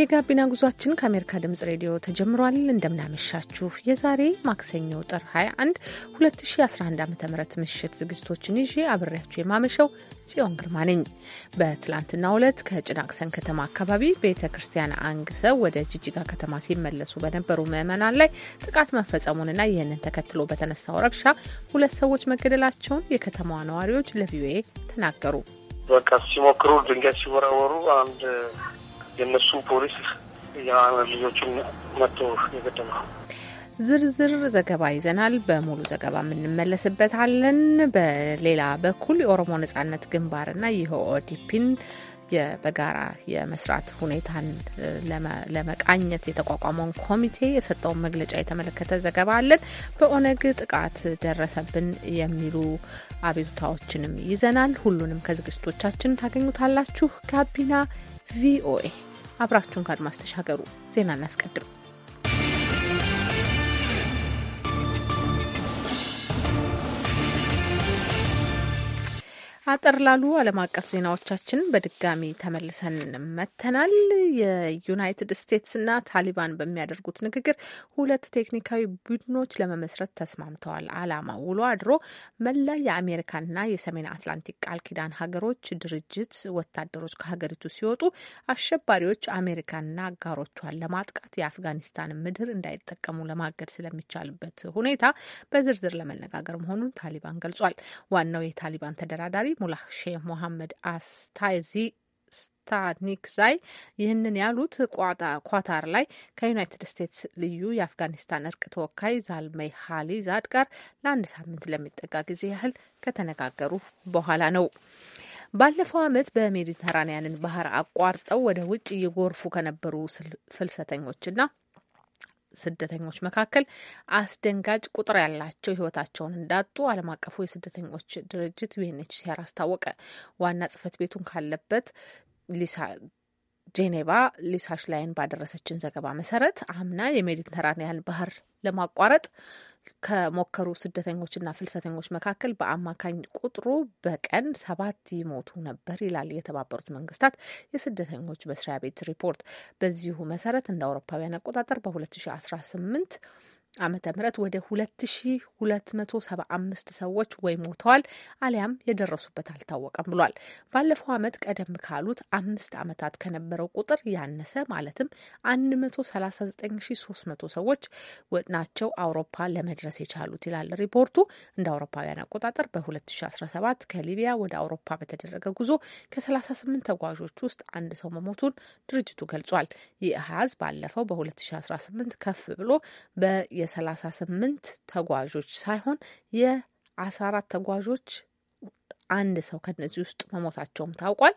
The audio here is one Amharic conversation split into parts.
የጋቢና ጉዟችን ከአሜሪካ ድምጽ ሬዲዮ ተጀምሯል። እንደምናመሻችሁ የዛሬ ማክሰኞ ጥር 21 2011 ዓ ም ምሽት ዝግጅቶችን ይዤ አብሬያችሁ የማመሸው ጽዮን ግርማ ነኝ። በትላንትናው ዕለት ከጭናቅሰን ከተማ አካባቢ ቤተ ክርስቲያን አንግሰው ወደ ጅጅጋ ከተማ ሲመለሱ በነበሩ ምዕመናን ላይ ጥቃት መፈጸሙንና ይህንን ተከትሎ በተነሳው ረብሻ ሁለት ሰዎች መገደላቸውን የከተማዋ ነዋሪዎች ለቪኦኤ ተናገሩ። በቃ ሲሞክሩ ድንጋይ ሲወረወሩ አንድ የእነሱ ፖሊስ የልጆችን መጥቶ የገደለው። ዝርዝር ዘገባ ይዘናል። በሙሉ ዘገባ የምንመለስበታለን። በሌላ በኩል የኦሮሞ ነጻነት ግንባርና የኦዲፒን በጋራ የመስራት ሁኔታን ለመቃኘት የተቋቋመውን ኮሚቴ የሰጠውን መግለጫ የተመለከተ ዘገባ አለን። በኦነግ ጥቃት ደረሰብን የሚሉ አቤቱታዎችንም ይዘናል። ሁሉንም ከዝግጅቶቻችን ታገኙታላችሁ። ጋቢና ቪኦኤ አብራችሁን ከአድማስ ተሻገሩ። ዜና እናስቀድም። አጠር ላሉ ዓለም አቀፍ ዜናዎቻችን በድጋሚ ተመልሰን መተናል። የዩናይትድ ስቴትስና ታሊባን በሚያደርጉት ንግግር ሁለት ቴክኒካዊ ቡድኖች ለመመስረት ተስማምተዋል። ዓላማው ውሎ አድሮ መላ የአሜሪካና የሰሜን አትላንቲክ ቃል ኪዳን ሀገሮች ድርጅት ወታደሮች ከሀገሪቱ ሲወጡ አሸባሪዎች አሜሪካና አጋሮቿን ለማጥቃት የአፍጋኒስታን ምድር እንዳይጠቀሙ ለማገድ ስለሚቻልበት ሁኔታ በዝርዝር ለመነጋገር መሆኑን ታሊባን ገልጿል። ዋናው የታሊባን ተደራዳሪ ሙላህ ሼህ ሞሐመድ አስታይዚ ስታኒክዛይ ይህንን ያሉት ኳታር ላይ ከዩናይትድ ስቴትስ ልዩ የአፍጋኒስታን እርቅ ተወካይ ዛልመይ ዛድ ጋር ለአንድ ሳምንት ለሚጠጋ ጊዜ ያህል ከተነጋገሩ በኋላ ነው። ባለፈው ዓመት በሜዲተራንያንን ባህር አቋርጠው ወደ ውጭ እየጎርፉ ከነበሩ ፍልሰተኞችና ስደተኞች መካከል አስደንጋጭ ቁጥር ያላቸው ህይወታቸውን እንዳጡ ዓለም አቀፉ የስደተኞች ድርጅት ዩኤንኤችሲአር አስታወቀ። ዋና ጽህፈት ቤቱን ካለበት ሊሳ ጄኔቫ ሊሳ ሽላይን ባደረሰችን ዘገባ መሰረት አምና የሜዲተራኒያን ባህር ለማቋረጥ ከሞከሩ ስደተኞችና ፍልሰተኞች መካከል በአማካኝ ቁጥሩ በቀን ሰባት ይሞቱ ነበር ይላል የተባበሩት መንግስታት የስደተኞች መስሪያ ቤት ሪፖርት። በዚሁ መሰረት እንደ አውሮፓውያን አቆጣጠር በ2018 ዓመተ ምህረት ወደ 2275 ሰዎች ወይ ሞተዋል አሊያም የደረሱበት አልታወቀም ብሏል። ባለፈው ዓመት ቀደም ካሉት አምስት ዓመታት ከነበረው ቁጥር ያነሰ ማለትም 139300 ሰዎች ናቸው አውሮፓ ለመድረስ የቻሉት ይላል ሪፖርቱ። እንደ አውሮፓውያን አቆጣጠር በ2017 ከሊቢያ ወደ አውሮፓ በተደረገ ጉዞ ከ38 ተጓዦች ውስጥ አንድ ሰው መሞቱን ድርጅቱ ገልጿል። ይህ አሃዝ ባለፈው በ2018 ከፍ ብሎ በየ የሰላሳ ስምንት ተጓዦች ሳይሆን የ14 ተጓዦች አንድ ሰው ከነዚህ ውስጥ መሞታቸውም ታውቋል።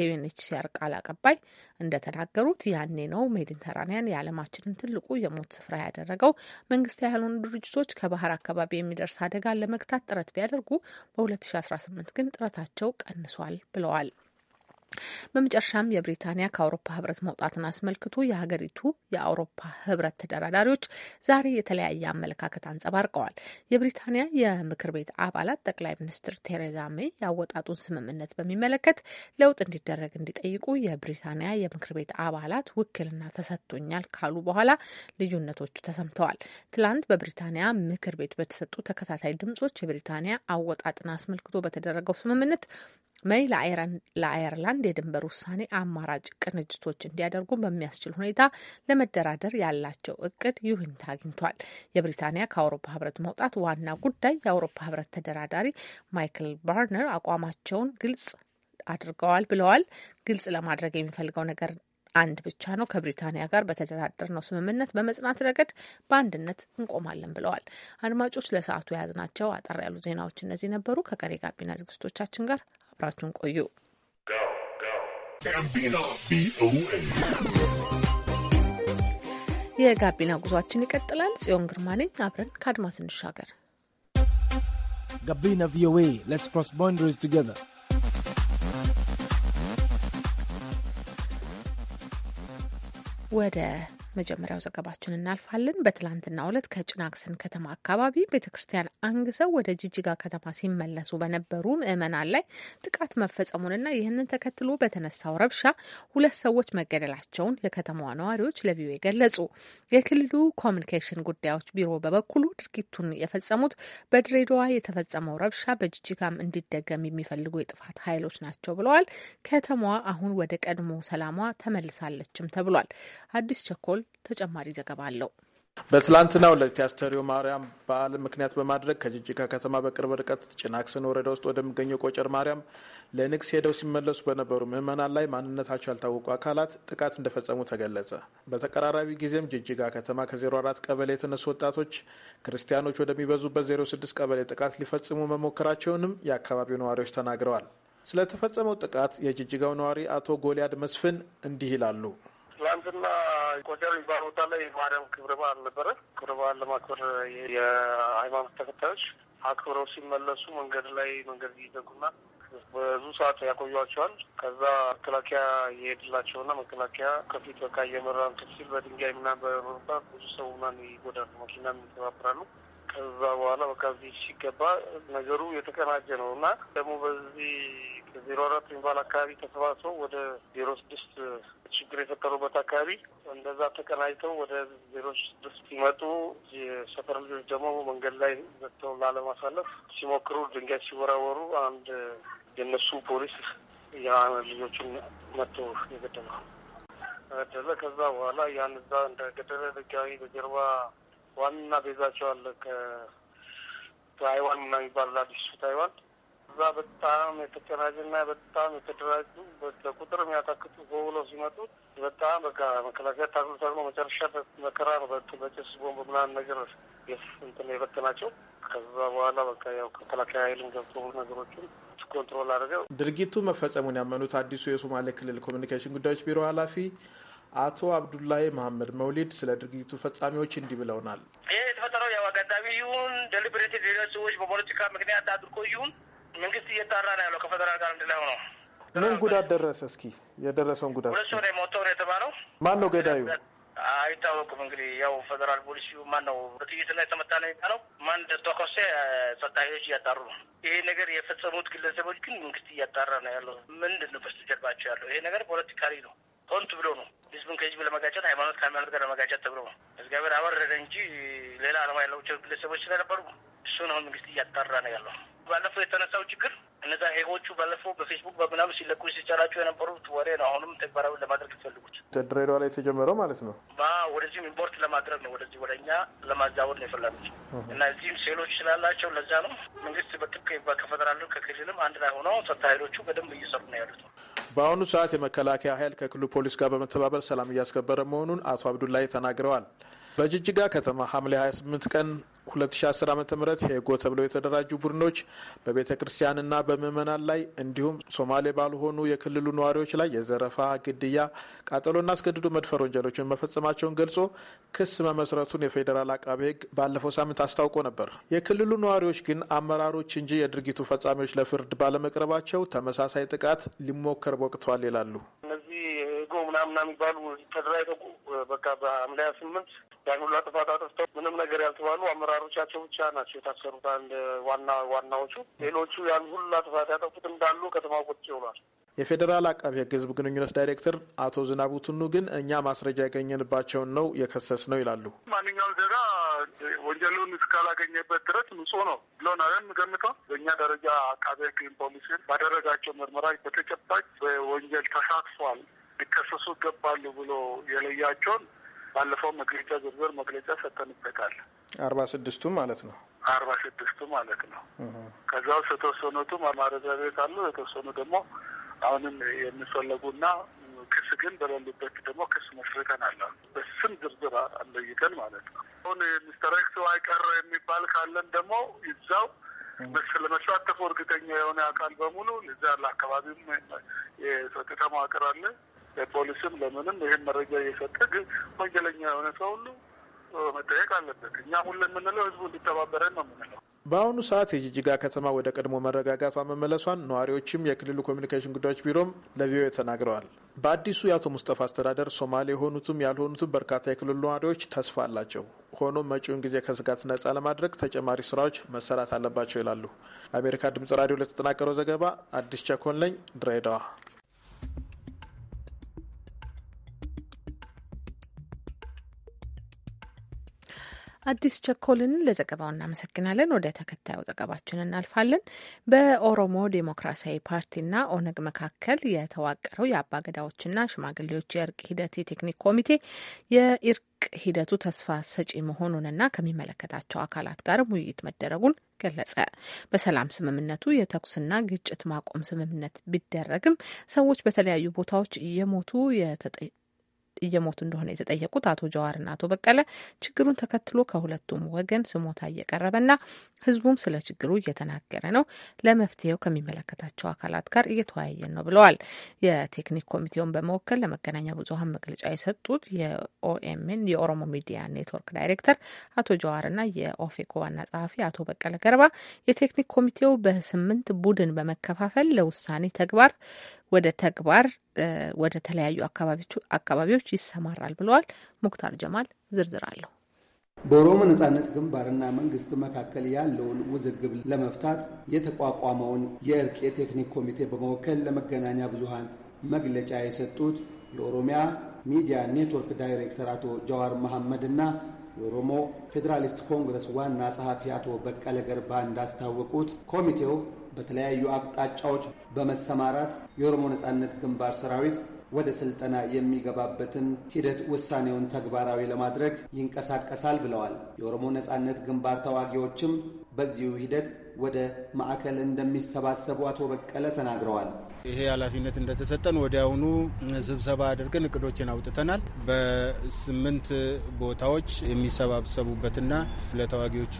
የዩኤንኤችሲአር ቃል አቀባይ እንደተናገሩት ያኔ ነው ሜዲተራኒያን የዓለማችንን ትልቁ የሞት ስፍራ ያደረገው። መንግስት ያልሆኑ ድርጅቶች ከባህር አካባቢ የሚደርስ አደጋ ለመግታት ጥረት ቢያደርጉ በ2018 ግን ጥረታቸው ቀንሷል ብለዋል። በመጨረሻም የብሪታንያ ከአውሮፓ ህብረት መውጣትን አስመልክቶ የሀገሪቱ የአውሮፓ ህብረት ተደራዳሪዎች ዛሬ የተለያየ አመለካከት አንጸባርቀዋል። የብሪታንያ የምክር ቤት አባላት ጠቅላይ ሚኒስትር ቴሬዛ ሜይ ያወጣጡን ስምምነት በሚመለከት ለውጥ እንዲደረግ እንዲጠይቁ የብሪታንያ የምክር ቤት አባላት ውክልና ተሰጥቶኛል ካሉ በኋላ ልዩነቶቹ ተሰምተዋል። ትላንት በብሪታንያ ምክር ቤት በተሰጡ ተከታታይ ድምጾች የብሪታንያ አወጣጥን አስመልክቶ በተደረገው ስምምነት ሜይ ለአየርላንድ አንድ የድንበር ውሳኔ አማራጭ ቅንጅቶች እንዲያደርጉ በሚያስችል ሁኔታ ለመደራደር ያላቸው እቅድ ይሁንታ አግኝቷል። የብሪታንያ ከአውሮፓ ህብረት መውጣት ዋና ጉዳይ የአውሮፓ ህብረት ተደራዳሪ ማይክል ባርነር አቋማቸውን ግልጽ አድርገዋል ብለዋል። ግልጽ ለማድረግ የሚፈልገው ነገር አንድ ብቻ ነው። ከብሪታንያ ጋር በተደራደርነው ስምምነት በመጽናት ረገድ በአንድነት እንቆማለን ብለዋል። አድማጮች፣ ለሰዓቱ የያዝናቸው አጠር ያሉ ዜናዎች እነዚህ ነበሩ። ከቀሪ ጋቢና ዝግጅቶቻችን ጋር አብራችሁን ቆዩ። ጋቢና ቪኦኤ። የጋቢና ጉዟችን ይቀጥላል። ጽዮን ግርማ ነኝ። አብረን ከአድማስ እንሻገር። ጋቢና ቪኦኤ ሌትስ ክሮስ ቦንደሪስ ቱጌዘር ወደ መጀመሪያው ዘገባችን እናልፋለን። በትላንትና ዕለት ከጭናክሰን ከተማ አካባቢ ቤተ ክርስቲያን አንግሰው ወደ ጅጅጋ ከተማ ሲመለሱ በነበሩ ምዕመናን ላይ ጥቃት መፈጸሙንና ይህንን ተከትሎ በተነሳው ረብሻ ሁለት ሰዎች መገደላቸውን የከተማዋ ነዋሪዎች ለቪኦኤ ገለጹ። የክልሉ ኮሚኒኬሽን ጉዳዮች ቢሮ በበኩሉ ድርጊቱን የፈጸሙት በድሬዳዋ የተፈጸመው ረብሻ በጅጅጋም እንዲደገም የሚፈልጉ የጥፋት ኃይሎች ናቸው ብለዋል። ከተማዋ አሁን ወደ ቀድሞ ሰላሟ ተመልሳለችም ተብሏል። አዲስ ቸኮል በኩል ተጨማሪ ዘገባ አለው። በትላንትና ሁለት የአስተሪዮ ማርያም በዓል ምክንያት በማድረግ ከጅጅጋ ከተማ በቅርብ ርቀት ጭናክስን ወረዳ ውስጥ ወደሚገኘው ቆጨር ማርያም ለንግስ ሄደው ሲመለሱ በነበሩ ምዕመናን ላይ ማንነታቸው ያልታወቁ አካላት ጥቃት እንደፈጸሙ ተገለጸ። በተቀራራቢ ጊዜም ጅጅጋ ከተማ ከ04 ቀበሌ የተነሱ ወጣቶች ክርስቲያኖች ወደሚበዙበት 06 ቀበሌ ጥቃት ሊፈጽሙ መሞከራቸውንም የአካባቢው ነዋሪዎች ተናግረዋል። ስለተፈጸመው ጥቃት የጅጅጋው ነዋሪ አቶ ጎልያድ መስፍን እንዲህ ይላሉ። ትላንትና ጎንደር የሚባል ቦታ ላይ ማርያም ክብረ በዓል ነበረ። ክብረ በዓል ለማክበር የሃይማኖት ተከታዮች አክብረው ሲመለሱ መንገድ ላይ መንገድ እየዘጉና ብዙ ሰዓት ያቆዩቸዋል። ከዛ መከላከያ እየሄድላቸውና መከላከያ ከፊት በቃ እየመራን ክፍል በድንጋይ ምናምን በሮባ ብዙ ሰው ምናምን ይጎዳሉ፣ መኪና ይተባብራሉ። ከዛ በኋላ በቃ እዚህ ሲገባ ነገሩ የተቀናጀ ነው እና ደግሞ በዚህ ዜሮ አራት የሚባል አካባቢ ተሰባስበው ወደ ዜሮ ስድስት ችግር የፈጠሩበት አካባቢ እንደዛ ተቀናጅተው ወደ ዜሮ ስድስት ሲመጡ የሰፈር ልጆች ደግሞ መንገድ ላይ ዘግተው ላለማሳለፍ ሲሞክሩ ድንጋይ ሲወራወሩ አንድ የነሱ ፖሊስ ልጆቹን መጥቶ የገደለ ገደለ። ከዛ በኋላ ያን እዛ እንደገደለ ድጋሚ በጀርባ ዋና ቤዛቸው አለ ከታይዋን ምናምን የሚባል አዲሱ ታይዋን እዛ በጣም የተጨናጀና በጣም የተደራጁ በቁጥር የሚያታክቱ ጎብሎ ሲመጡ በጣም በቃ መከላከያ ታግሎ ታግሎ መጨረሻ መከራ ነው። በጭስ ቦምብ ምናምን ነገር እንትን የበተናቸው። ከዛ በኋላ በቃ ያው መከላከያ ኃይልን ገብቶ ነገሮችን ኮንትሮል አድርገው ድርጊቱ መፈጸሙን ያመኑት አዲሱ የሶማሌ ክልል ኮሚኒኬሽን ጉዳዮች ቢሮ ኃላፊ አቶ አብዱላይ መሀመድ መውሊድ ስለ ድርጊቱ ፈጻሚዎች እንዲህ ብለውናል። ይህ የተፈጠረው ያው አጋጣሚ ይሁን ደሊብሬት ሌሎች ሰዎች በፖለቲካ ምክንያት አድርጎ ይሁን መንግስት እየጣራ ነው ያለው ከፌደራል ጋር አንድ ላይ ሆነው ምን ጉዳት ደረሰ? እስኪ የደረሰውን ጉዳት ሁለት ሰው ነው የሞተው ነው የተባለው። ማን ነው ገዳዩ? አይታወቅም። እንግዲህ ያው ፌደራል ፖሊሲ ማን ነው በጥይት ነው የተመታ ነው የሚባለው። ማን እንደተኮሰ ጸጥታ እያጣሩ ነው። ይሄ ነገር የፈጸሙት ግለሰቦች ግን መንግስት እያጣራ ነው ያለው። ምንድን ነው በስተጀርባቸው ያለው? ይሄ ነገር ፖለቲካሊ ነው። ሆንት ብሎ ነው ህዝብን ከህዝብ ለመጋጨት ሃይማኖት ከሃይማኖት ጋር ለመጋጨት ተብሎ ነው። እግዚአብሔር አወረደ እንጂ ሌላ አላማ ያላቸው ግለሰቦች ስለነበሩ እሱን አሁን መንግስት እያጣራ ነው ያለው። ባለፈው የተነሳው ችግር እነዛ ሄጎቹ ባለፈው በፌስቡክ በምናምን ሲለቁ ሲጫራቸው የነበሩት ወሬ ነው። አሁንም ተግባራዊ ለማድረግ ይፈልጉት ድሬዳዋ ላይ የተጀመረው ማለት ነው። ወደዚህም ኢምፖርት ለማድረግ ነው፣ ወደዚህ ወደ እኛ ለማዛወር ነው የፈለጉት እና እዚህም ሴሎች ስላላቸው ለዛ ነው መንግስት በጥብቅ ከፌደራሉ ከክልልም አንድ ላይ ሆነው ጸጥታ ኃይሎቹ በደንብ እየሰሩ ነው ያሉት ነው በአሁኑ ሰዓት የመከላከያ ኃይል ከክልሉ ፖሊስ ጋር በመተባበር ሰላም እያስከበረ መሆኑን አቶ አብዱላይ ተናግረዋል። በጅጅጋ ከተማ ሐምሌ 28 ቀን 2010 ዓ ም ሄጎ ተብለው የተደራጁ ቡድኖች በቤተ ክርስቲያንና በምዕመናን ላይ እንዲሁም ሶማሌ ባልሆኑ የክልሉ ነዋሪዎች ላይ የዘረፋ፣ ግድያ፣ ቃጠሎና አስገድዶ መድፈር ወንጀሎችን መፈጸማቸውን ገልጾ ክስ መመስረቱን የፌዴራል አቃቤ ሕግ ባለፈው ሳምንት አስታውቆ ነበር። የክልሉ ነዋሪዎች ግን አመራሮች እንጂ የድርጊቱ ፈጻሚዎች ለፍርድ ባለመቅረባቸው ተመሳሳይ ጥቃት ሊሞከር ቦቅተዋል ይላሉ። እነዚህ ሄጎ ምናምና የሚባሉ ተደራጅተው በቃ በሐምሌ ስምንት ያን ሁላ ጥፋት አጥፍተው ምንም ነገር ያልተባሉ አመራሮቻቸው ብቻ ናቸው የታሰሩት። አንድ ዋና ዋናዎቹ ሌሎቹ ያን ጥፋት ያጠፉት እንዳሉ ከተማ ቁጭ ብሏል። የፌዴራል አቃቢ ሕግ ህዝብ ግንኙነት ዳይሬክተር አቶ ዝናቡ ቱኑ ግን እኛ ማስረጃ ያገኘንባቸውን ነው የከሰስ ነው ይላሉ። ማንኛውም ዜጋ ወንጀሉን እስካላገኘበት ድረስ ንጹህ ነው ብሎን አለን ገምተው በእኛ ደረጃ አቃቢ ሕግ ፖሊስን ባደረጋቸው ምርመራ በተጨባጭ በወንጀል ተሳትፏል ሊከሰሱ ይገባሉ ብሎ የለያቸውን ባለፈው መግለጫ ዝርዝር መግለጫ ሰጥተንበታል። አርባ ስድስቱ ማለት ነው አርባ ስድስቱ ማለት ነው። ከዛ ውስጥ የተወሰኑቱ ማረሚያ ቤት አሉ፣ የተወሰኑ ደግሞ አሁንም የሚፈለጉና ክስ ግን በሌሉበት ደግሞ ክስ መስርተን አለ በስም ዝርዝር አለይተን ማለት ነው። አሁን ሚስተር ኤክስ ዋይ የሚባል ካለን ደግሞ ይዛው ለመሳተፉ እርግጠኛ የሆነ አካል በሙሉ እዛ አካባቢም የጸጥታ መዋቅር አለ ለፖሊስም ለምንም ይህን መረጃ እየሰጠ ግን ወንጀለኛ የሆነ ሰው ሁሉ መጠየቅ አለበት። እኛ ሁሉ የምንለው ህዝቡ እንዲተባበረን ነው የምንለው። በአሁኑ ሰዓት የጅጅጋ ከተማ ወደ ቀድሞ መረጋጋቷ መመለሷን ነዋሪዎችም የክልሉ ኮሚኒኬሽን ጉዳዮች ቢሮም ለቪኦኤ ተናግረዋል። በአዲሱ የአቶ ሙስጠፋ አስተዳደር ሶማሌ የሆኑትም ያልሆኑትም በርካታ የክልሉ ነዋሪዎች ተስፋ አላቸው። ሆኖም መጪውን ጊዜ ከስጋት ነጻ ለማድረግ ተጨማሪ ስራዎች መሰራት አለባቸው ይላሉ። ለአሜሪካ ድምጽ ራዲዮ ለተጠናቀረው ዘገባ አዲስ ቸኮን ለኝ ድሬዳዋ አዲስ ቸኮልን ለዘገባው እናመሰግናለን። ወደ ተከታዩ ዘገባችን እናልፋለን። በኦሮሞ ዴሞክራሲያዊ ፓርቲና ኦነግ መካከል የተዋቀረው የአባገዳዎችና ሽማግሌዎች የእርቅ ሂደት የቴክኒክ ኮሚቴ የእርቅ ሂደቱ ተስፋ ሰጪ መሆኑንና ከሚመለከታቸው አካላት ጋር ውይይት መደረጉን ገለጸ። በሰላም ስምምነቱ የተኩስና ግጭት ማቆም ስምምነት ቢደረግም ሰዎች በተለያዩ ቦታዎች የሞቱ እየሞቱ እንደሆነ የተጠየቁት አቶ ጀዋርና አቶ በቀለ ችግሩን ተከትሎ ከሁለቱም ወገን ስሞታ እየቀረበና ህዝቡም ስለ ችግሩ እየተናገረ ነው፣ ለመፍትሄው ከሚመለከታቸው አካላት ጋር እየተወያየን ነው ብለዋል። የቴክኒክ ኮሚቴውን በመወከል ለመገናኛ ብዙሀን መግለጫ የሰጡት የኦኤምን የኦሮሞ ሚዲያ ኔትወርክ ዳይሬክተር አቶ ጀዋርና የኦፌኮ ዋና ጸሐፊ አቶ በቀለ ገርባ የቴክኒክ ኮሚቴው በስምንት ቡድን በመከፋፈል ለውሳኔ ተግባር ወደ ተግባር ወደ ተለያዩ አካባቢዎች ይሰማራል ብለዋል። ሙክታር ጀማል ዝርዝር አለሁ። በኦሮሞ ነጻነት ግንባርና መንግስት መካከል ያለውን ውዝግብ ለመፍታት የተቋቋመውን የእርቅ የቴክኒክ ኮሚቴ በመወከል ለመገናኛ ብዙሃን መግለጫ የሰጡት የኦሮሚያ ሚዲያ ኔትወርክ ዳይሬክተር አቶ ጀዋር መሐመድ እና የኦሮሞ ፌዴራሊስት ኮንግረስ ዋና ጸሐፊ አቶ በቀለ ገርባ እንዳስታወቁት ኮሚቴው በተለያዩ አቅጣጫዎች በመሰማራት የኦሮሞ ነጻነት ግንባር ሰራዊት ወደ ስልጠና የሚገባበትን ሂደት ውሳኔውን ተግባራዊ ለማድረግ ይንቀሳቀሳል ብለዋል። የኦሮሞ ነጻነት ግንባር ተዋጊዎችም በዚሁ ሂደት ወደ ማዕከል እንደሚሰባሰቡ አቶ በቀለ ተናግረዋል። ይሄ ኃላፊነት እንደተሰጠን ወዲያውኑ ስብሰባ አድርገን እቅዶችን አውጥተናል። በስምንት ቦታዎች የሚሰባሰቡበትና ለተዋጊዎቹ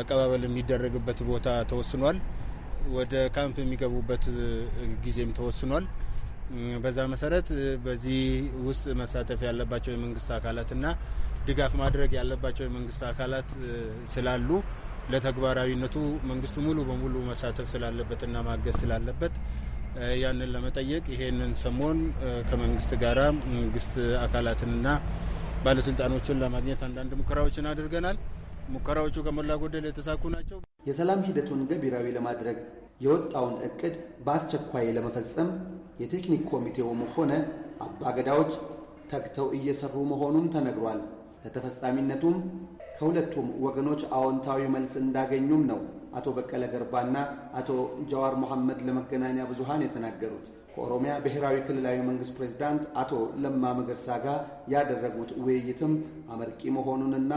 አቀባበል የሚደረግበት ቦታ ተወስኗል። ወደ ካምፕ የሚገቡበት ጊዜም ተወስኗል። በዛ መሰረት በዚህ ውስጥ መሳተፍ ያለባቸው የመንግስት አካላትና ድጋፍ ማድረግ ያለባቸው የመንግስት አካላት ስላሉ ለተግባራዊነቱ መንግስቱ ሙሉ በሙሉ መሳተፍ ስላለበትና ማገዝ ስላለበት ያንን ለመጠየቅ ይሄንን ሰሞን ከመንግስት ጋራ መንግስት አካላትንና ባለስልጣኖችን ለማግኘት አንዳንድ ሙከራዎችን አድርገናል። ሙከራዎቹ ከሞላ ጎደል የተሳኩ ናቸው። የሰላም ሂደቱን ገቢራዊ ለማድረግ የወጣውን እቅድ በአስቸኳይ ለመፈጸም የቴክኒክ ኮሚቴውም ሆነ አባገዳዎች ተግተው እየሰሩ መሆኑም ተነግሯል። ለተፈጻሚነቱም ከሁለቱም ወገኖች አዎንታዊ መልስ እንዳገኙም ነው አቶ በቀለ ገርባና አቶ ጀዋር መሐመድ ለመገናኛ ብዙሃን የተናገሩት። ከኦሮሚያ ብሔራዊ ክልላዊ መንግስት ፕሬዝዳንት አቶ ለማ መገርሳ ጋር ያደረጉት ውይይትም አመርቂ መሆኑንና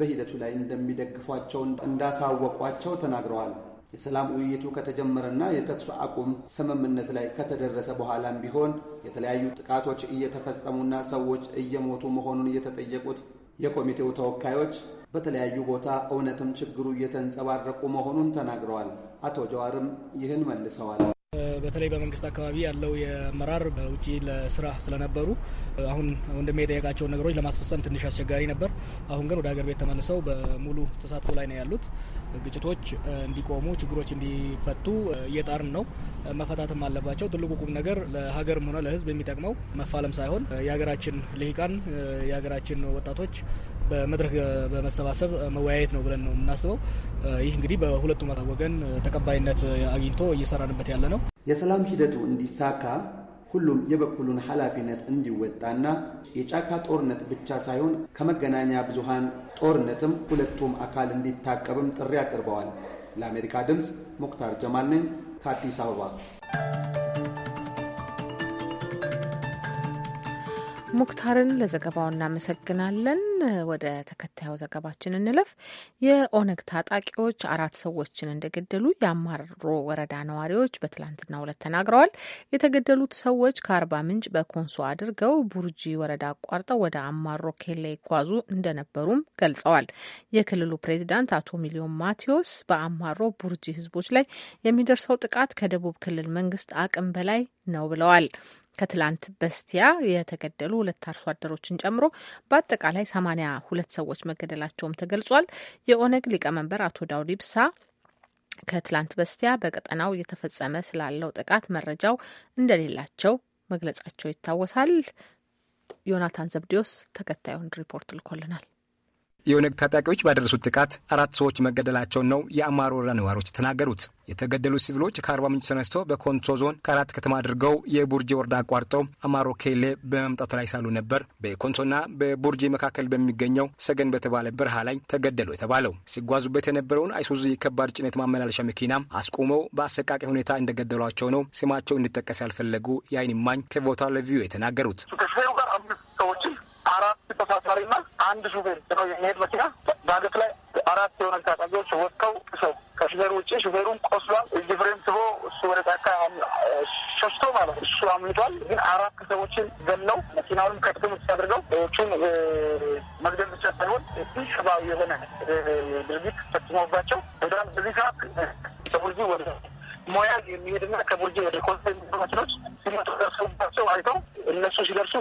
በሂደቱ ላይ እንደሚደግፏቸው እንዳሳወቋቸው ተናግረዋል። የሰላም ውይይቱ ከተጀመረና የተኩስ አቁም ስምምነት ላይ ከተደረሰ በኋላም ቢሆን የተለያዩ ጥቃቶች እየተፈጸሙና ሰዎች እየሞቱ መሆኑን የተጠየቁት የኮሚቴው ተወካዮች በተለያዩ ቦታ እውነትም ችግሩ እየተንጸባረቁ መሆኑን ተናግረዋል። አቶ ጀዋርም ይህን መልሰዋል። በተለይ በመንግስት አካባቢ ያለው የአመራር በውጭ ለስራ ስለነበሩ አሁን ወንድሜ የጠየቃቸውን ነገሮች ለማስፈጸም ትንሽ አስቸጋሪ ነበር። አሁን ግን ወደ ሀገር ቤት ተመልሰው በሙሉ ተሳትፎ ላይ ነው ያሉት። ግጭቶች እንዲቆሙ፣ ችግሮች እንዲፈቱ እየጣርን ነው። መፈታትም አለባቸው። ትልቁ ቁም ነገር ለሀገርም ሆነ ለህዝብ የሚጠቅመው መፋለም ሳይሆን የሀገራችን ልሂቃን የሀገራችን ወጣቶች በመድረክ በመሰባሰብ መወያየት ነው ብለን ነው የምናስበው። ይህ እንግዲህ በሁለቱም ወገን ተቀባይነት አግኝቶ እየሰራንበት ያለ ነው። የሰላም ሂደቱ እንዲሳካ ሁሉም የበኩሉን ኃላፊነት እንዲወጣና የጫካ ጦርነት ብቻ ሳይሆን ከመገናኛ ብዙሃን ጦርነትም ሁለቱም አካል እንዲታቀብም ጥሪ አቅርበዋል። ለአሜሪካ ድምፅ ሙክታር ጀማል ነኝ ከአዲስ አበባ። ሙክታርን ለዘገባው እናመሰግናለን። ወደ ተከታዩ ዘገባችን እንለፍ። የኦነግ ታጣቂዎች አራት ሰዎችን እንደገደሉ የአማሮ ወረዳ ነዋሪዎች በትላንትና ሁለት ተናግረዋል። የተገደሉት ሰዎች ከአርባ ምንጭ በኮንሶ አድርገው ቡርጂ ወረዳ አቋርጠው ወደ አማሮ ኬላ ይጓዙ እንደነበሩም ገልጸዋል። የክልሉ ፕሬዚዳንት አቶ ሚሊዮን ማቴዎስ በአማሮ ቡርጂ ህዝቦች ላይ የሚደርሰው ጥቃት ከደቡብ ክልል መንግስት አቅም በላይ ነው ብለዋል። ከትላንት በስቲያ የተገደሉ ሁለት አርሶ አደሮችን ጨምሮ በአጠቃላይ ሰማኒያ ሁለት ሰዎች መገደላቸውም ተገልጿል። የኦነግ ሊቀመንበር አቶ ዳውድ ኢብሳ ከትላንት በስቲያ በቀጠናው እየተፈጸመ ስላለው ጥቃት መረጃው እንደሌላቸው መግለጻቸው ይታወሳል። ዮናታን ዘብዲዮስ ተከታዩን ሪፖርት ልኮልናል። የኦነግ ታጣቂዎች ባደረሱት ጥቃት አራት ሰዎች መገደላቸውን ነው የአማሮ ወረዳ ነዋሪዎች የተናገሩት። የተገደሉ ሲቪሎች ከአርባ ምንጭ ተነስቶ በኮንሶ ዞን ከአራት ከተማ አድርገው የቡርጂ ወረዳ አቋርጠው አማሮ ኬሌ በመምጣቱ ላይ ሳሉ ነበር በኮንሶና በቡርጂ መካከል በሚገኘው ሰገን በተባለ በረሃ ላይ ተገደሉ የተባለው። ሲጓዙበት የነበረውን አይሱዙ የከባድ ጭነት ማመላለሻ መኪና አስቆመው በአሰቃቂ ሁኔታ እንደገደሏቸው ነው ስማቸው እንዲጠቀስ ያልፈለጉ የአይን ማኝ ከቦታ ለቪዮ የተናገሩት። ሰዎችን ተሳፋሪና አንድ ሹፌር ጭነው የሚሄድ መኪና ዳገት ላይ አራት የሆነ ታጣቂዎች ወጥተው ሰው ከሹፌሩ ውጭ ሹፌሩም ቆስሏል። እጅ ፍሬም ስቦ እሱ ወደ ጫካ ሸሽቶ ማለት እሱ አምልጧል። ግን አራት ሰዎችን ገለው መኪናውንም ከጥቅም ውጭ አድርገው ሰዎቹን መግደል ብቻ ሳይሆን ሰብአዊ የሆነ ድርጊት ፈጽመውባቸው በጣም በዚህ ሰዓት ተጉጂ ወደ ሞያ የሚሄድና ከቡርጅ ወደ ኮንሰ መኪኖች ሲመጡ አይተው እነሱ ሲደርሱ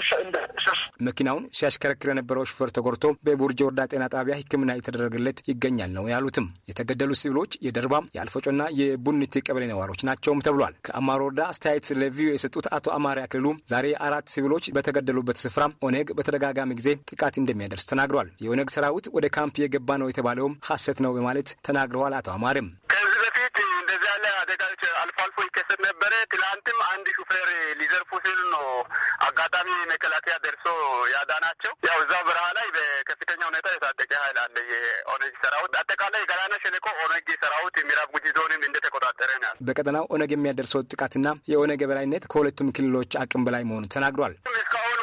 መኪናውን ሲያሽከረክር የነበረው ሹፌር ተጎድቶ በቡርጅ ወረዳ ጤና ጣቢያ ሕክምና የተደረገለት ይገኛል ነው ያሉትም። የተገደሉ ሲቪሎች የደርባም የአልፎጮና የቡኒቲ ቀበሌ ነዋሪዎች ናቸውም ተብሏል። ከአማሮ ወረዳ አስተያየት ለቪዮ የሰጡት አቶ አማሪ አክልሉ ዛሬ አራት ሲቪሎች በተገደሉበት ስፍራ ኦነግ በተደጋጋሚ ጊዜ ጥቃት እንደሚያደርስ ተናግሯል። የኦነግ ሰራዊት ወደ ካምፕ የገባ ነው የተባለውም ሐሰት ነው በማለት ተናግረዋል። አቶ አማርም ከዚህ በፊት እንደዚህ ያለ አደጋ ሊያጠፉ ነው አጋጣሚ መከላከያ ደርሶ ያዳናቸው። ያው እዛ በረሃ ላይ በከፍተኛ ሁኔታ የታጠቀ ኃይል አለ የኦነግ ሰራዊት። አጠቃላይ ገላና ሸለቆ ኦነግ ሰራዊት ምዕራብ ጉጂ ዞንም እንደተቆጣጠረ ነው። በቀጠናው ኦነግ የሚያደርሰው ጥቃትና የኦነግ የበላይነት ከሁለቱም ክልሎች አቅም በላይ መሆኑን ተናግሯል። እስካሁን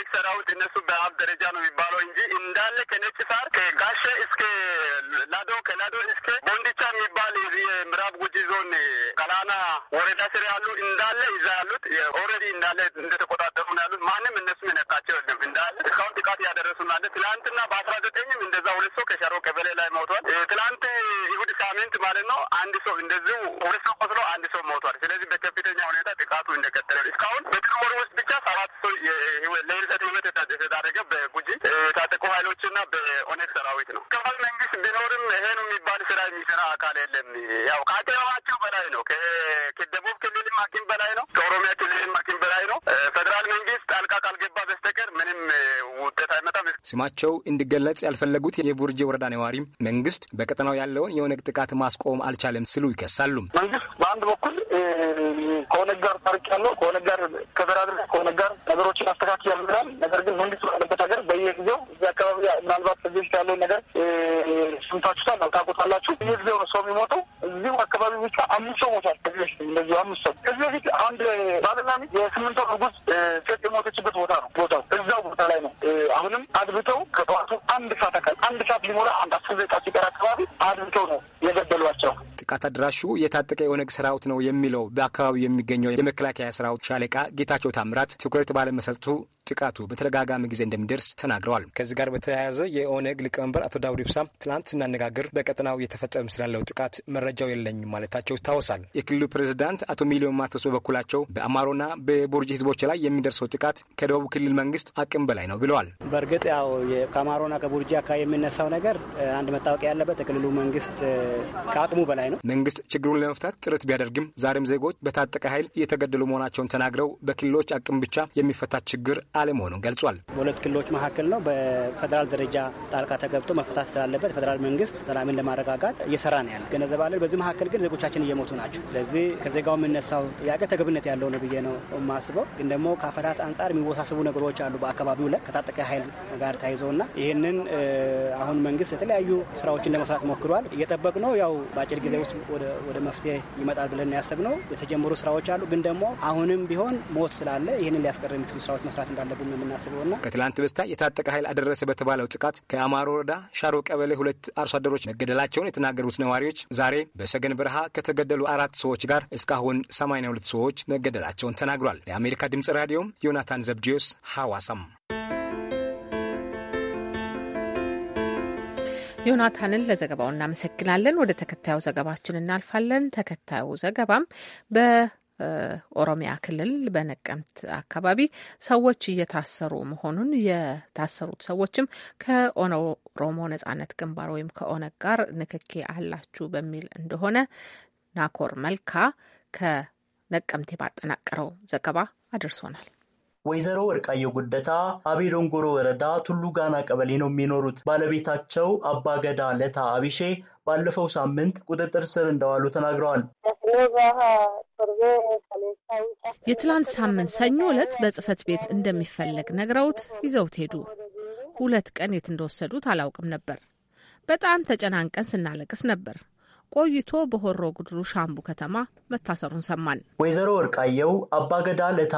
ነጭ ሰራዊት እነሱ በአብ ደረጃ ነው የሚባለው እንጂ እንዳለ ከነጭ ሳር ከጋሸ እስከ ላዶ ከላዶ እስከ ቦንዲቻ የሚባል የምዕራብ ጉጂ ዞን ቀላና ወረዳ ስር ያሉ እንዳለ ይዛ ያሉት ኦልሬዲ እንዳለ እንደተቆጣጠሩ ነው ያሉት። ማንም እነሱ የነጣቸው የለም እንዳለ እስካሁን ጥቃት ያደረሱ ናለ። ትላንትና በአስራ ዘጠኝም እንደዛ ሁለት ሰው ከሸሮ ቀበሌ ላይ ሞቷል። ትላንት ይሁድ ሳምንት ማለት ነው አንድ ሰው እንደዚሁ ሁለት ሰው ቆስሎ አንድ ሰው ሞቷል። ስለዚህ በከፍተኛ ሁኔታ ጥቃቱ እንደቀጠለ እስካሁን በጥር ወር ውስጥ ብቻ ሰባት ሰው በጉጂ ታጠቁ ኃይሎች እና በኦነግ ሰራዊት ነው። ክፍል መንግስት ቢኖርም ይሄ ነው የሚባል ስራ የሚሰራ አካል የለም። ያው ከአቅማቸው በላይ ነው። ከደቡብ ክልልም አቅም በላይ ነው። ከኦሮሚያ ክልልም አቅም በላይ ነው። ፌዴራል መንግስት ጣልቃ ካልገባ በስተቀር ምንም ውጤት አይመጣም። ስማቸው እንዲገለጽ ያልፈለጉት የቡርጂ ወረዳ ነዋሪም መንግስት በቀጠናው ያለውን የኦነግ ጥቃት ማስቆም አልቻለም ስሉ ይከሳሉ። መንግስት በአንድ በኩል ከኦነግ ጋር ታርቅ ያለው ከኦነግ ጋር ተደራድሬ ከኦነግ ጋር ነገሮችን አስተካክያለሁ ይላል። ነገር ግን መንግስት ባለበት ሀገር በየጊዜው እዚህ አካባቢ ምናልባት ከዚህ ውስጥ ያለው ነገር ስምታችሁታል፣ ታውቁታላችሁ። በየጊዜው ነው ሰው የሚሞተው። እዚሁ አካባቢ ብቻ አምስት ሰው ሞቷል። ከዚህ በፊት እንደዚሁ አምስት ሰው ከዚህ በፊት አንድ ባልና ሚስት የስምንት ወር እርጉዝ ሴት የሞተችበት ቦታ ነው ቦታው እዛው ቦታ ላይ ነው። አሁንም አድብተው ከጠዋቱ አንድ ሰዓት አካል አንድ ሰዓት ሊሞላ አንድ አስር ዘቃ ሲቀር አካባቢ አድብተው ነው የገደሏቸው። ጥቃት አድራሹ የታጠቀ የኦነግ ሰራዊት ነው የሚለው በአካባቢው የሚገኘው የመከላከያ ሰራዊት ሻለቃ ጌታቸው ታምራት ትኩረት ባለመሰጠቱ ጥቃቱ በተደጋጋሚ ጊዜ እንደሚደርስ ተናግረዋል። ከዚህ ጋር በተያያዘ የኦነግ ሊቀመንበር አቶ ዳውድ ኢብሳም ትናንት ስናነጋግር በቀጠናው የተፈጸመ ስላለው ጥቃት መረጃው የለኝም ማለታቸው ይታወሳል። የክልሉ ፕሬዚዳንት አቶ ሚሊዮን ማቶስ በበኩላቸው በአማሮና በቦርጂ ህዝቦች ላይ የሚደርሰው ጥቃት ከደቡብ ክልል መንግስት አቅም በላይ ነው ብለዋል። በእርግጥ ያው ከአማሮና ከቡርጅ አካባቢ የሚነሳው ነገር አንድ መታወቂያ ያለበት የክልሉ መንግስት ከአቅሙ በላይ ነው። መንግስት ችግሩን ለመፍታት ጥረት ቢያደርግም ዛሬም ዜጎች በታጠቀ ኃይል እየተገደሉ መሆናቸውን ተናግረው በክልሎች አቅም ብቻ የሚፈታ ችግር አለመሆኑን ገልጿል። በሁለት ክልሎች መካከል ነው። በፌዴራል ደረጃ ጣልቃ ተገብቶ መፈታት ስላለበት ፌዴራል መንግስት ሰላምን ለማረጋጋት እየሰራ ነው ያለ ገነዘባለን። በዚህ መካከል ግን ዜጎቻችን እየሞቱ ናቸው። ስለዚህ ከዜጋው የሚነሳው ጥያቄ ተገብነት ያለው ነው ብዬ ነው የማስበው። ግን ደግሞ ከአፈታት አንጻር የሚወሳሰቡ ነገሮች አሉ በአካባቢው ላይ ከታጠቀ ኃይል ጋር ተያይዘውና ይህንን አሁን መንግስት የተለያዩ ስራዎችን ለመስራት ሞክሯል። እየጠበቅ ነው ያው በአጭር ጊዜ ሞት ወደ መፍትሄ ይመጣል ብለን ነው። የተጀመሩ ስራዎች አሉ። ግን ደግሞ አሁንም ቢሆን ሞት ስላለ ይህንን ሊያስቀር የሚችሉ ስራዎች መስራት እንዳለብን የምናስበው ና ከትላንት በስቲያ የታጠቀ ኃይል አደረሰ በተባለው ጥቃት ከአማሮ ወረዳ ሻሮ ቀበሌ ሁለት አርሶ አደሮች መገደላቸውን የተናገሩት ነዋሪዎች ዛሬ በሰገን በረሃ ከተገደሉ አራት ሰዎች ጋር እስካሁን 82 ሰዎች መገደላቸውን ተናግሯል። የአሜሪካ ድምጽ ራዲዮም ዮናታን ዘብዲዮስ ሐዋሳም ዮናታንን ለዘገባው እናመሰግናለን። ወደ ተከታዩ ዘገባችን እናልፋለን። ተከታዩ ዘገባም በኦሮሚያ ክልል በነቀምት አካባቢ ሰዎች እየታሰሩ መሆኑን የታሰሩት ሰዎችም ከኦሮሞ ነጻነት ግንባር ወይም ከኦነግ ጋር ንክኬ አላችሁ በሚል እንደሆነ ናኮር መልካ ከነቀምቴ ባጠናቀረው ዘገባ አድርሶናል። ወይዘሮ ወርቃየሁ ጉደታ አቤ ዶንጎሮ ወረዳ ቱሉ ጋና ቀበሌ ነው የሚኖሩት። ባለቤታቸው አባገዳ ለታ አቢሼ ባለፈው ሳምንት ቁጥጥር ስር እንደዋሉ ተናግረዋል። የትላንት ሳምንት ሰኞ ዕለት በጽህፈት ቤት እንደሚፈለግ ነግረውት ይዘውት ሄዱ። ሁለት ቀን የት እንደወሰዱት አላውቅም ነበር። በጣም ተጨናንቀን ስናለቅስ ነበር። ቆይቶ በሆሮ ጉድሩ ሻምቡ ከተማ መታሰሩን ሰማን ወይዘሮ ወርቃየው አባገዳ ለታ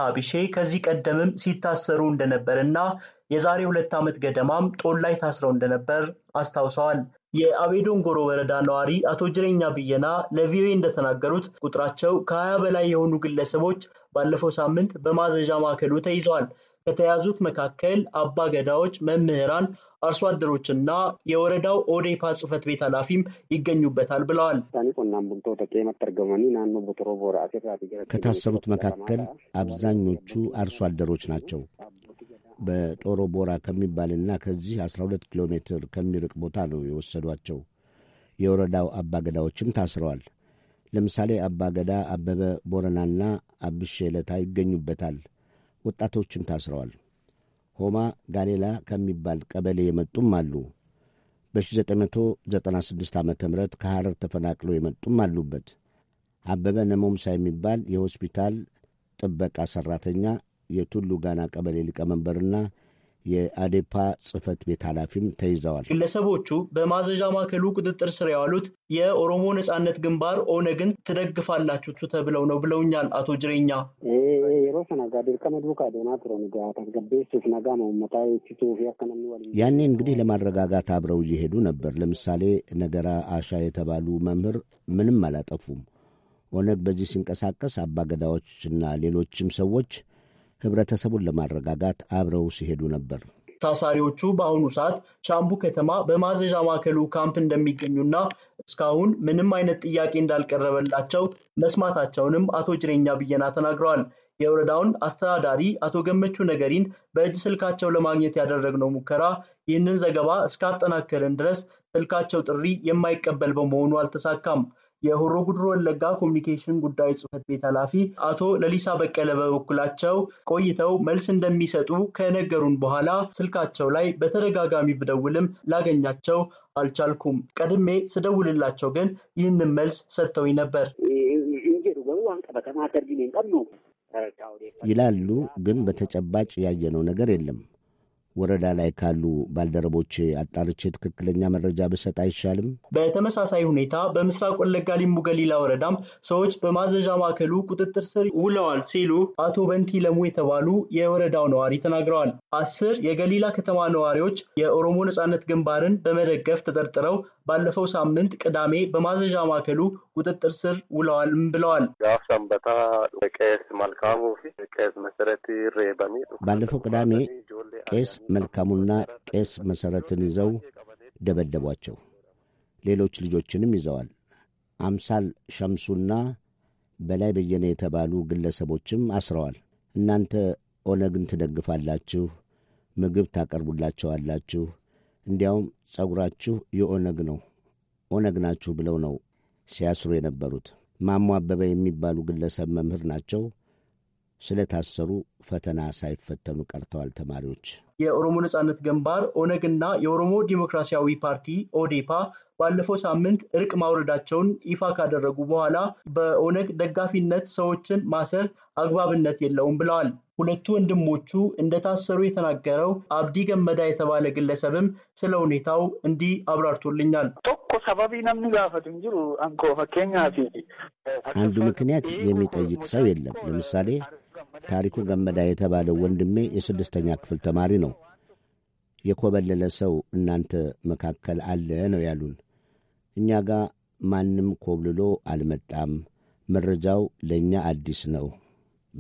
ከዚህ ቀደምም ሲታሰሩ እንደነበርና የዛሬ ሁለት ዓመት ገደማም ጦል ላይ ታስረው እንደነበር አስታውሰዋል። የአቤዶንጎሮ ወረዳ ነዋሪ አቶ ጅሬኛ ብየና ለቪኦኤ እንደተናገሩት ቁጥራቸው ከሀያ በላይ የሆኑ ግለሰቦች ባለፈው ሳምንት በማዘዣ ማዕከሉ ተይዘዋል። ከተያዙት መካከል አባ ገዳዎች፣ መምህራን፣ አርሶ አደሮችና የወረዳው ኦዴፓ ጽህፈት ቤት ኃላፊም ይገኙበታል ብለዋል። ከታሰሩት መካከል አብዛኞቹ አርሶ አደሮች ናቸው። በጦሮ ቦራ ከሚባልና ከዚህ 12 ኪሎ ሜትር ከሚርቅ ቦታ ነው የወሰዷቸው። የወረዳው አባገዳዎችም ታስረዋል። ለምሳሌ አባገዳ አበበ ቦረናና አብሼ ለታ ይገኙበታል። ወጣቶችም ታስረዋል። ሆማ ጋሌላ ከሚባል ቀበሌ የመጡም አሉ። በ1996 ዓ ም ከሐረር ተፈናቅለው የመጡም አሉበት። አበበ ነሞምሳ የሚባል የሆስፒታል ጥበቃ ሠራተኛ የቱሉ ጋና ቀበሌ ሊቀመንበርና የአዴፓ ጽህፈት ቤት ኃላፊም ተይዘዋል። ግለሰቦቹ በማዘዣ ማዕከሉ ቁጥጥር ስር የዋሉት የኦሮሞ ነጻነት ግንባር ኦነግን ትደግፋላችሁ ተብለው ነው ብለውኛል አቶ ጅሬኛ። ያኔ እንግዲህ ለማረጋጋት አብረው እየሄዱ ነበር። ለምሳሌ ነገራ አሻ የተባሉ መምህር ምንም አላጠፉም። ኦነግ በዚህ ሲንቀሳቀስ አባገዳዎችና ሌሎችም ሰዎች ህብረተሰቡን ለማረጋጋት አብረው ሲሄዱ ነበር። ታሳሪዎቹ በአሁኑ ሰዓት ሻምቡ ከተማ በማዘዣ ማዕከሉ ካምፕ እንደሚገኙና እስካሁን ምንም አይነት ጥያቄ እንዳልቀረበላቸው መስማታቸውንም አቶ ጅሬኛ ብየና ተናግረዋል። የወረዳውን አስተዳዳሪ አቶ ገመቹ ነገሪን በእጅ ስልካቸው ለማግኘት ያደረግነው ሙከራ ይህንን ዘገባ እስካጠናከርን ድረስ ስልካቸው ጥሪ የማይቀበል በመሆኑ አልተሳካም። የሆሮ ጉድሮ ወለጋ ኮሚኒኬሽን ጉዳይ ጽህፈት ቤት ኃላፊ አቶ ለሊሳ በቀለ በበኩላቸው ቆይተው መልስ እንደሚሰጡ ከነገሩን በኋላ ስልካቸው ላይ በተደጋጋሚ ብደውልም ላገኛቸው አልቻልኩም። ቀድሜ ስደውልላቸው ግን ይህንን መልስ ሰጥተውኝ ነበር ይላሉ። ግን በተጨባጭ ያየነው ነገር የለም። ወረዳ ላይ ካሉ ባልደረቦች አጣርቼ ትክክለኛ መረጃ ብሰጥ አይሻልም? በተመሳሳይ ሁኔታ በምስራቅ ወለጋ ሊሙ ገሊላ ወረዳም ሰዎች በማዘዣ ማዕከሉ ቁጥጥር ስር ውለዋል ሲሉ አቶ በንቲ ለሙ የተባሉ የወረዳው ነዋሪ ተናግረዋል። አስር የገሊላ ከተማ ነዋሪዎች የኦሮሞ ነጻነት ግንባርን በመደገፍ ተጠርጥረው ባለፈው ሳምንት ቅዳሜ በማዘዣ ማዕከሉ ቁጥጥር ስር ውለዋል ብለዋል። ቄስ መልካሙ ባለፈው ቅዳሜ ቄስ መልካሙና ቄስ መሰረትን ይዘው ደበደቧቸው። ሌሎች ልጆችንም ይዘዋል። አምሳል ሸምሱና በላይ በየነ የተባሉ ግለሰቦችም አስረዋል። እናንተ ኦነግን ትደግፋላችሁ፣ ምግብ ታቀርቡላቸዋላችሁ፣ እንዲያውም ጸጉራችሁ የኦነግ ነው ኦነግ ናችሁ ብለው ነው ሲያስሩ የነበሩት። ማሞ አበበ የሚባሉ ግለሰብ መምህር ናቸው። ስለታሰሩ ፈተና ሳይፈተኑ ቀርተዋል ተማሪዎች። የኦሮሞ ነጻነት ግንባር ኦነግና የኦሮሞ ዲሞክራሲያዊ ፓርቲ ኦዴፓ ባለፈው ሳምንት እርቅ ማውረዳቸውን ይፋ ካደረጉ በኋላ በኦነግ ደጋፊነት ሰዎችን ማሰር አግባብነት የለውም ብለዋል። ሁለቱ ወንድሞቹ እንደታሰሩ የተናገረው አብዲ ገመዳ የተባለ ግለሰብም ስለ ሁኔታው እንዲህ አብራርቶልኛል። አንዱ ምክንያት የሚጠይቅ ሰው የለም። ለምሳሌ ታሪኩ ገመዳ የተባለው ወንድሜ የስድስተኛ ክፍል ተማሪ ነው። የኮበለለ ሰው እናንተ መካከል አለ ነው ያሉን። እኛ ጋር ማንም ኮብልሎ አልመጣም፣ መረጃው ለእኛ አዲስ ነው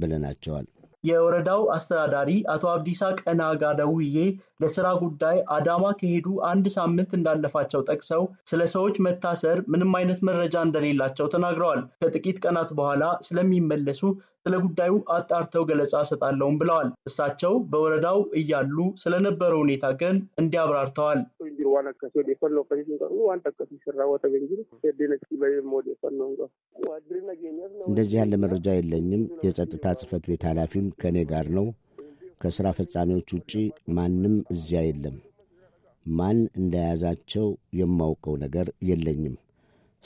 ብለናቸዋል። የወረዳው አስተዳዳሪ አቶ አብዲሳ ቀና ጋር ደውዬ ለስራ ጉዳይ አዳማ ከሄዱ አንድ ሳምንት እንዳለፋቸው ጠቅሰው ስለ ሰዎች መታሰር ምንም አይነት መረጃ እንደሌላቸው ተናግረዋል። ከጥቂት ቀናት በኋላ ስለሚመለሱ ስለ ጉዳዩ አጣርተው ገለጻ ሰጣለውም ብለዋል። እሳቸው በወረዳው እያሉ ስለነበረው ሁኔታ ግን እንዲያብራርተዋል። እንደዚህ ያለ መረጃ የለኝም። የጸጥታ ጽህፈት ቤት ኃላፊም ከእኔ ጋር ነው። ከሥራ ፈጻሚዎች ውጪ ማንም እዚያ የለም። ማን እንደያዛቸው የማውቀው ነገር የለኝም።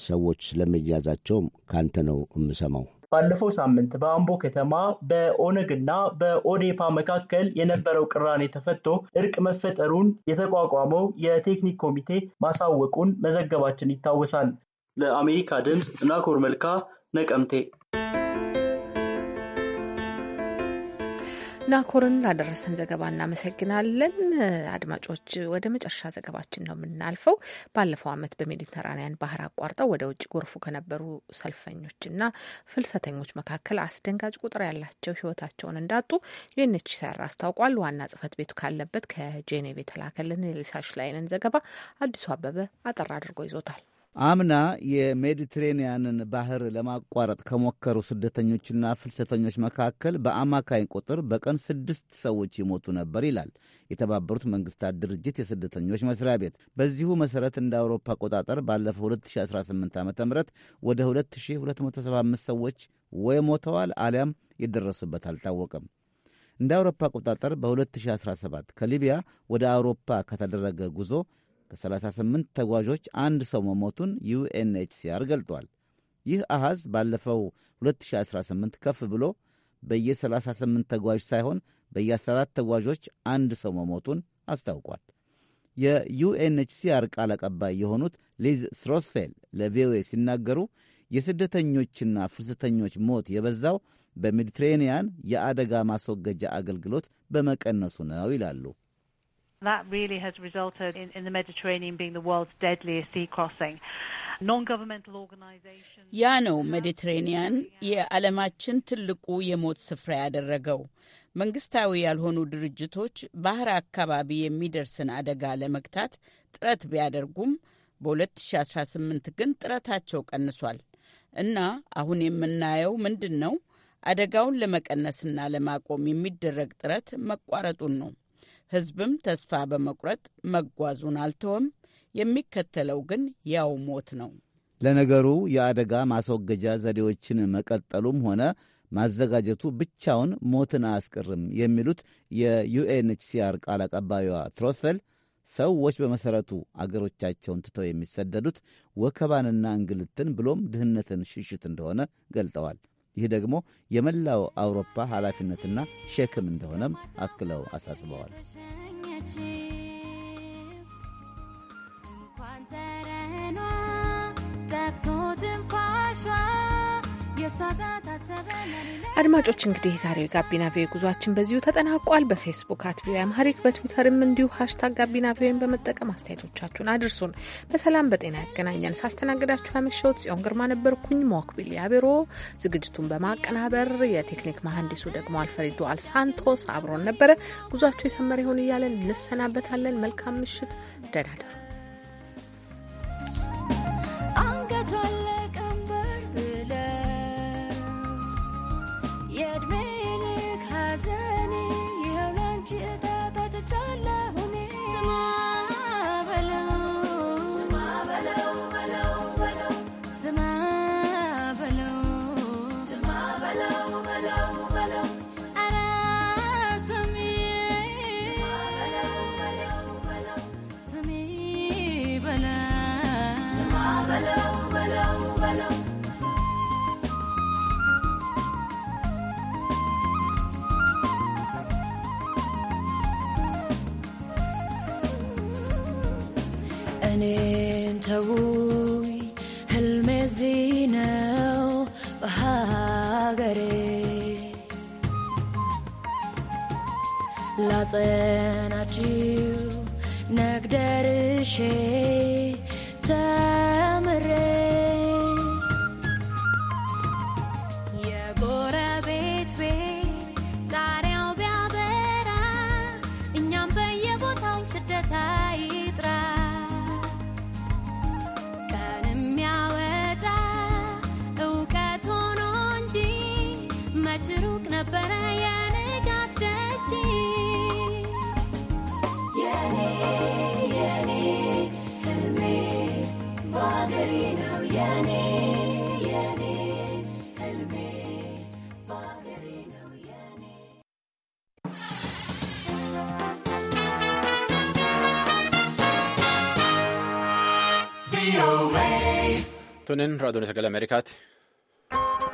ሰዎች ስለመያዛቸውም ካንተ ነው የምሰማው። ባለፈው ሳምንት በአምቦ ከተማ በኦነግ እና በኦዴፓ መካከል የነበረው ቅራኔ ተፈቶ እርቅ መፈጠሩን የተቋቋመው የቴክኒክ ኮሚቴ ማሳወቁን መዘገባችን ይታወሳል። ለአሜሪካ ድምፅ ናኮር መልካ ነቀምቴ ናኮርን ላደረሰን ዘገባ እናመሰግናለን። አድማጮች፣ ወደ መጨረሻ ዘገባችን ነው የምናልፈው። ባለፈው ዓመት በሜዲተራንያን ባህር አቋርጠው ወደ ውጭ ጎርፉ ከነበሩ ሰልፈኞችና ፍልሰተኞች መካከል አስደንጋጭ ቁጥር ያላቸው ህይወታቸውን እንዳጡ ዩኤንኤችሲአር አስታውቋል። ዋና ጽሕፈት ቤቱ ካለበት ከጄኔቭ የተላከልን የሊሳሽ ላይንን ዘገባ አዲሱ አበበ አጠር አድርጎ ይዞታል። አምና የሜዲትሬንያንን ባህር ለማቋረጥ ከሞከሩ ስደተኞችና ፍልሰተኞች መካከል በአማካኝ ቁጥር በቀን ስድስት ሰዎች ይሞቱ ነበር ይላል የተባበሩት መንግስታት ድርጅት የስደተኞች መስሪያ ቤት። በዚሁ መሠረት እንደ አውሮፓ አቆጣጠር ባለፈው 2018 ዓ ም ወደ 2275 ሰዎች ወይ ሞተዋል አሊያም የደረሱበት አልታወቀም። እንደ አውሮፓ አቆጣጠር በ2017 ከሊቢያ ወደ አውሮፓ ከተደረገ ጉዞ ከ38 ተጓዦች አንድ ሰው መሞቱን ዩኤንኤችሲአር ገልጧል። ይህ አሃዝ ባለፈው 2018 ከፍ ብሎ በየ38 ተጓዥ ሳይሆን በየ14 ተጓዦች አንድ ሰው መሞቱን አስታውቋል። የዩኤንኤችሲአር ቃል አቀባይ የሆኑት ሊዝ ስሮሴል ለቪኦኤ ሲናገሩ የስደተኞችና ፍልሰተኞች ሞት የበዛው በሜዲትሬንያን የአደጋ ማስወገጃ አገልግሎት በመቀነሱ ነው ይላሉ። That really has resulted in, in the Mediterranean being the world's deadliest sea crossing. ያ ነው ሜዲትሬኒያን የዓለማችን ትልቁ የሞት ስፍራ ያደረገው። መንግስታዊ ያልሆኑ ድርጅቶች ባህር አካባቢ የሚደርስን አደጋ ለመግታት ጥረት ቢያደርጉም በ2018 ግን ጥረታቸው ቀንሷል እና አሁን የምናየው ምንድን ነው? አደጋውን ለመቀነስና ለማቆም የሚደረግ ጥረት መቋረጡን ነው። ህዝብም ተስፋ በመቁረጥ መጓዙን አልተወም። የሚከተለው ግን ያው ሞት ነው። ለነገሩ የአደጋ ማስወገጃ ዘዴዎችን መቀጠሉም ሆነ ማዘጋጀቱ ብቻውን ሞትን አያስቀርም የሚሉት የዩኤንኤችሲአር ቃል አቀባዩዋ ትሮሰል ሰዎች በመሠረቱ አገሮቻቸውን ትተው የሚሰደዱት ወከባንና እንግልትን ብሎም ድህነትን ሽሽት እንደሆነ ገልጠዋል። ይህ ደግሞ የመላው አውሮፓ ኃላፊነትና ሸክም እንደሆነም አክለው አሳስበዋል። ጠፍቶ golden አድማጮች እንግዲህ ዛሬ ጋቢና ቪኦኤ ጉዟችን በዚሁ ተጠናቋል። በፌስቡክ አት ቪኦኤ አማሪክ በትዊተርም እንዲሁ ሀሽታግ ጋቢና ቪኦኤን በመጠቀም አስተያየቶቻችሁን አድርሱን። በሰላም በጤና ያገናኘን። ሳስተናግዳችሁ ያመሸሁት ጽዮን ግርማ ነበርኩኝ። ሞክቢል ያቤሮ ዝግጅቱን በማቀናበር የቴክኒክ መሀንዲሱ ደግሞ አልፈሬዶ አልሳንቶስ አብሮን ነበረ። ጉዟችሁ የሰመረ ይሆን እያለን እንሰናበታለን። መልካም ምሽት። ደህና ደሩ። ላጸናችው ነግደርሼ ተምሬ Tunin raadiyoo sagalee Ameerikaati.